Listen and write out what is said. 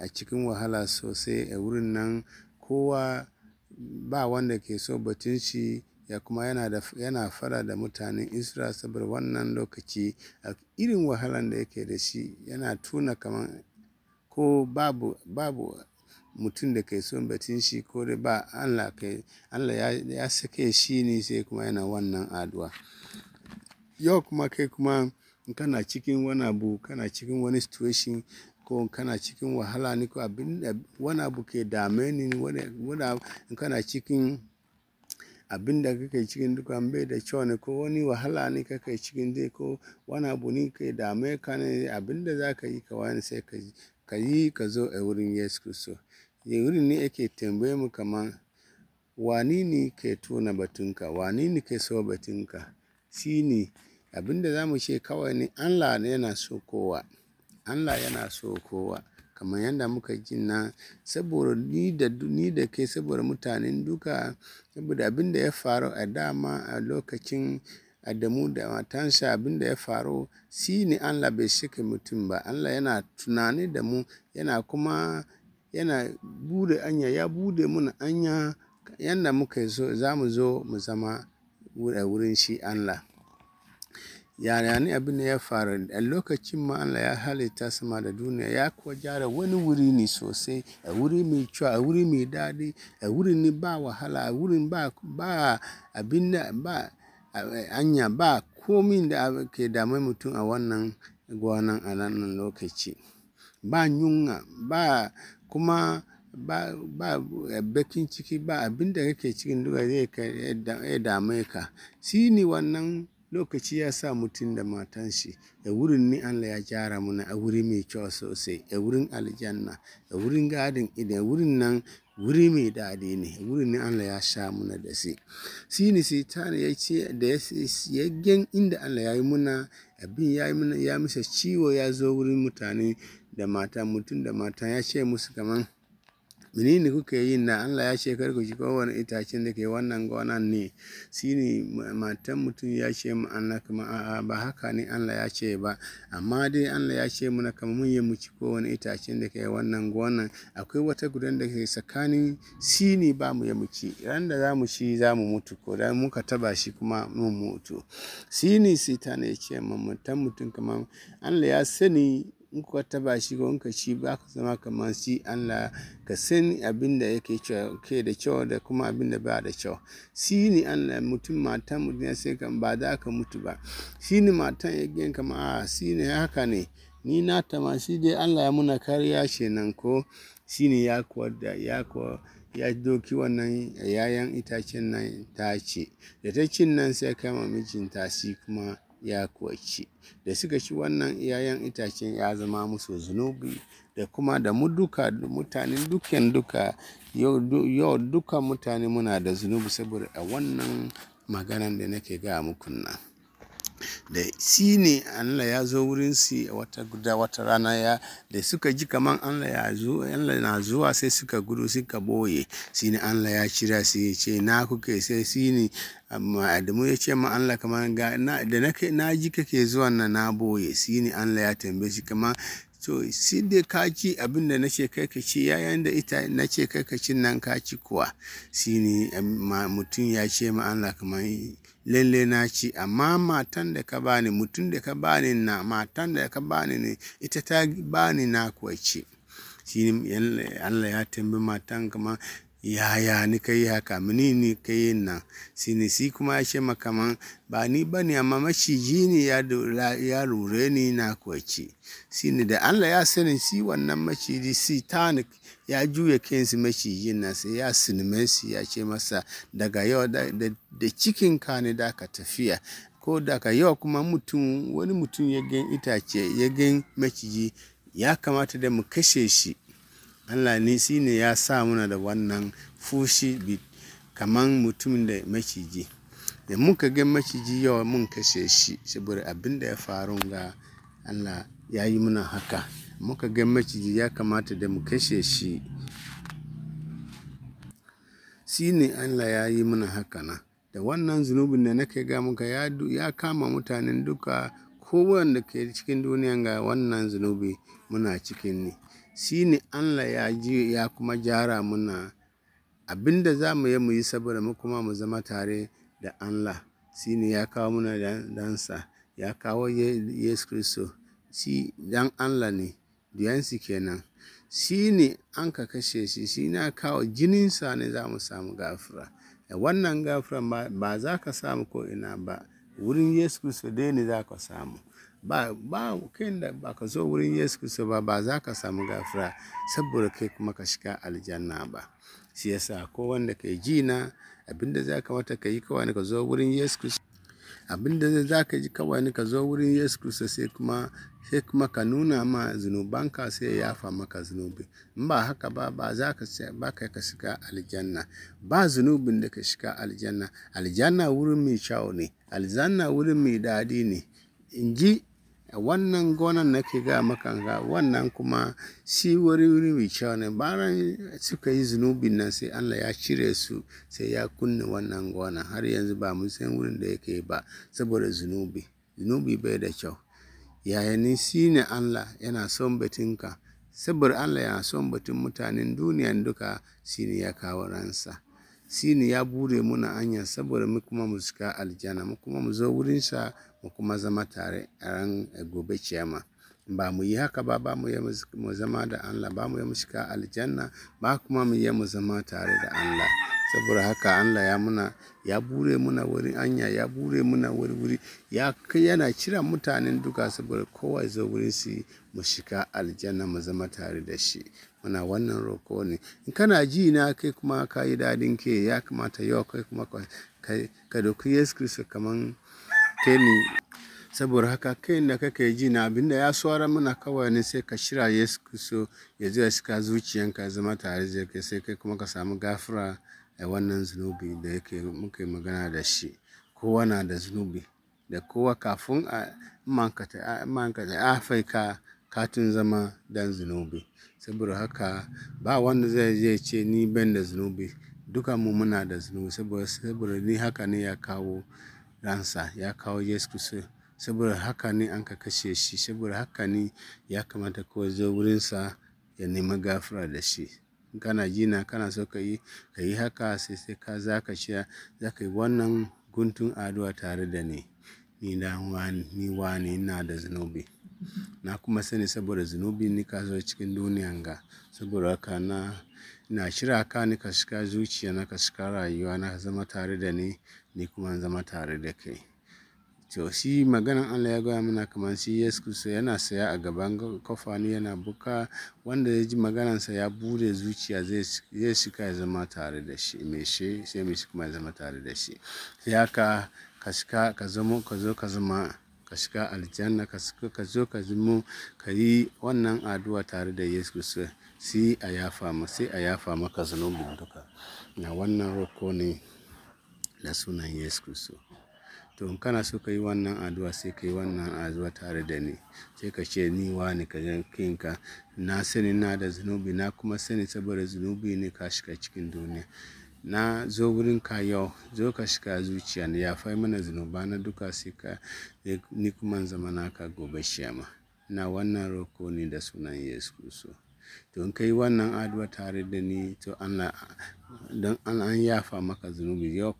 a cikin wahala sosai a wurin nan kowa ba wanda ke so batun shi ya kuma yana, fara da mutanen Isra saboda wannan lokaci a irin wahalan da yake da shi yana tuna kamar ko babu, babu mutum da ke so batun shi ko da ba Allah, ya, ya sake shi ne sai kuma yana wannan aduwa Yau kuma kai kuma kana cikin wani abu kana cikin wani situation ko kana cikin wahala ne ko abin wani abu ke dame ni wani kana cikin abin da kake cikin duka bai da kyau ne ko wani wahala ne kake cikin dai ko wani abu ne ke dame ka ne abin da za ka yi ka wani sai ka yi ka zo a wurin yesu kristo wurin ne yake tambaye mu kamar wani ne ke tona batunka wani ne ke so batunka shi ne abin da za mu ce kawai ne allah yana so kowa Allah yana so kowa kamar yadda muka ji nan saboda ni da ni da kai saboda mutanen duka saboda abin da ya faru a dama a lokacin Adamu da matansa abin da ya faru shi ne Allah bai shika mutum ba Allah yana tunani da mu yana kuma yana bude anya ya bude mana anya yadda muka zo za mu zo mu zama wurin shi Allah ne abin da ya faru a lokacin ma Allah ya halitta sama da duniya ya kuwa gyara wani wuri ne sosai, a wuri mai cewa a wuri mai daɗi, a wuri ne ba wahala, a wurin ba, ba abin da ba anya ba komi da ke dame mutum a wannan gwanan a wannan lokaci. Ba yunwa ba kuma ba, ba bakin ciki ba abin da kake cikin duka zai ya dame ka. Shi ne wannan. lokaci ya sa mutum da matan shi a wurin ni Allah ya gyara muna a wuri mai kyau sosai a wurin aljanna a wurin gadin ida wurin nan wuri mai daɗi ne wurin ni Allah ya sha muna da shi shi ne ne ya ce da ya gen inda Allah ya yi muna abin ya yi muna ya misa ciwo ya zo wurin mutane da mata mutum da mata ya ce musu kamar menene kuke yi na Allah ya ce kar ku ci kowane itacen da ke wannan gonan ne shine matan mutum ya ce mu Allah kama a'a ba haka ne Allah ya ce ba amma dai Allah ya ce mu na kama mun yi mu ci kowane itacen da ke wannan gonan akwai wata gudan da ke tsakanin shine ba mu ya mu ci ran da za mu ci za mu mutu ko da muka taba shi kuma mun mutu shine sitana ya ce matan mutum kamar Allah ya sani in kuka taba shi ko in ka ci ba ka zama kamar shi Allah ka sani abin da yake ke da kyau da kuma abin da ba da kyau shi ne Allah mutum mata mutum ya sai kan ba za ka mutu ba shi ne matan ya kama a ah, shi ne haka ne ni na tama shi dai Allah ya muna kariya nan ko shi ne ya kuwa da ya kuwa ya doki wannan yayan itacen nan ta ce da ta cin nan sai kama mijinta shi kuma ya kuwa ci da suka ci wannan 'ya'yan itacen ya zama musu zunubi da kuma da mu duka mutanen dukkan duka yau duka mutane muna da zunubi saboda a wannan maganan da nake ga muku nan da shi ne Allah ya zo wurin su wata guda wata rana ya da suka ji kaman Allah ya zo Allah na zuwa sai suka gudu suka boye shi ne Allah ya cira su ya ce na kuke sai shi ne amma Adamu ya ce ma Allah kaman ga na da na ji kake zuwa na na boye shi ne Allah ya tambaye shi kaman to shi dai kaki abin da nace kai ka ci yayan da ita nace kai ka cin nan ci kuwa shine mutum ya ce ma Allah kamar lalle na ci amma matan da ka bani mutum da ka bani na matan da ka bani ne ita ta bani na kuwa ci shi Allah ya tambi matan kamar yaya ni ka yi haka mini ni ka yi nan sini, si kuma ya ce makaman ba ni ba ne amma maciji ne ya lura ni na kwace shi da allah ya sani si wannan maciji si ni ya juya kensu maciji na sai ya si ya ce masa daga yau da cikin ka ne da ka tafiya ko daga yau kuma mutum wani mutum ya gan itace ya gan maciji ya kamata da mu kashe shi Allah ne shi ne ya sa muna da wannan fushi bi kaman mutumin da maciji da muka ga maciji yawa mun kashe shi saboda abin da ya faru ga Allah ya yi muna haka muka ga maciji ya kamata da mu kashe shi shi ne Allah ya yi muna haka na da wannan zunubin da nake ga muka ya kama mutanen duka kowane da ke cikin duniyan ga wannan zunubi muna cikin ne shi ne allah ya ya kuma gyara muna abinda za mu yi mu yi saboda mu kuma mu zama tare da allah shi ne ya kawo muna dansa ya kawo yesu kristo shi dan allah ne duyansu kenan shi ne an ka kashe shi shi na kawo jininsa ne za mu samu gafura wannan gafuran ba za ka samu ko ina ba wurin Yesu Kristo dai ne za ka samu ba ba kai da ba ka zo wurin Yesu Kristo ba ba za ka samu gafara saboda kai kuma ka shiga aljanna ba shi yasa ko wanda kai ji na abinda za ka mata ka yi kawai ka zo wurin Yesu Kristo abinda zai za ka ji kawai ka zo wurin yesu kristo sai kuma sai kuma ka nuna ma zunubanka sai ya yafa maka zunubi in ba haka ba ba za ka ba kai ka shiga aljanna ba zunubin da ka shiga aljanna aljanna wurin mai kyau ne aljanna wurin mai daɗi ne in ji wannan gonan ke ga maka ga wannan kuma shi wuri wuri mai kyau ne bayan suka yi zunubin nan sai Allah ya cire su sai ya kunna wannan gonan har yanzu ba mu san wurin da yake ba saboda zunubi zunubi bai da kyau yayani shi ne Allah yana son batinka saboda Allah yana son batun mutanen duniyan duka shi ne ya kawo ransa shi ne ya bure muna anya saboda mu kuma mu shiga aljana mu kuma mu zo wurinsa mu kuma zama tare a ran gobe ciyama ba mu yi haka ba ba mu yi mu zama da Allah ba mu yi mu shiga aljanna ba kuma mu yi mu zama tare da Allah saboda haka Allah ya muna ya bure muna wurin anya ya bure muna wuri wuri ya yana cira mutanen duka saboda kowa zo wurin shi mu shiga aljanna mu zama tare da shi muna wannan roko ne in kana ji na kai kuma ka yi dadin ke ya kamata yau kai kuma ka doku yesu kristo kaman kai ne saboda haka kai da kake ji na abinda ya suwara muna kawai ne sai ka shira yesu kristo ya zuwa shi ka zuciyanka ya zama tare da kai sai kai kuma ka samu gafara a wannan zunubi da yake muke magana da shi kowa na da zunubi da kowa kafin a mankata afirka katin zama dan zunubi. Saboda haka ba wanda zai je ce ni ban da zunubi. duka mu muna da zunubi saboda, ni haka ne ya kawo ransa, ya kawo Yesu Kiristi. Saboda haka ne an ka kashe shi. Saboda haka ne ya kamata ko zo wurinsa ya nema gafara da shi. kana jina kana so ka yi, ka yi haka sai sai ka za ka ce za ka yi wannan guntun aduwa tare da ni. Ni ɗan ina da zunubi. na kuma sani saboda zunubi ka zo cikin duniyan ga saboda haka na ina shirya ka ni ka shiga zuciya na ka shiga rayuwa na zama tare da ni ni kuma zama tare da kai to shi maganan Allah ya gaya mana kamar shi Yesu Kristo yana saya a gaban kofa ni yana buka wanda ya ji sa ya bude zuciya zai shiga ya zama tare da shi me shi sai me shi kuma ya zama tare da shi sai haka ka shiga ka zama ka zo ka zama ka shiga aljanna ka zo ka ka yi wannan addu'a tare da yesu kristo sai a yafa ma sai a yafa maka zunubin duka na wannan roko ne da sunan yesu kristo to in kana so ka yi wannan addu'a sai ka yi wannan addu'a tare da ni sai ka ce ni ne ka kinka na sani na da zunubi na kuma sani saboda zunubi ne ka shiga cikin duniya na zo ka yau zo ka shiga zuciya na fai mana zunuba na duka sai ka ni kuma zama naka gobe shema na wannan roko ne da sunan yesu kristo to in kai wannan addu'a tare da ni to allah don an yafa maka zunubi yau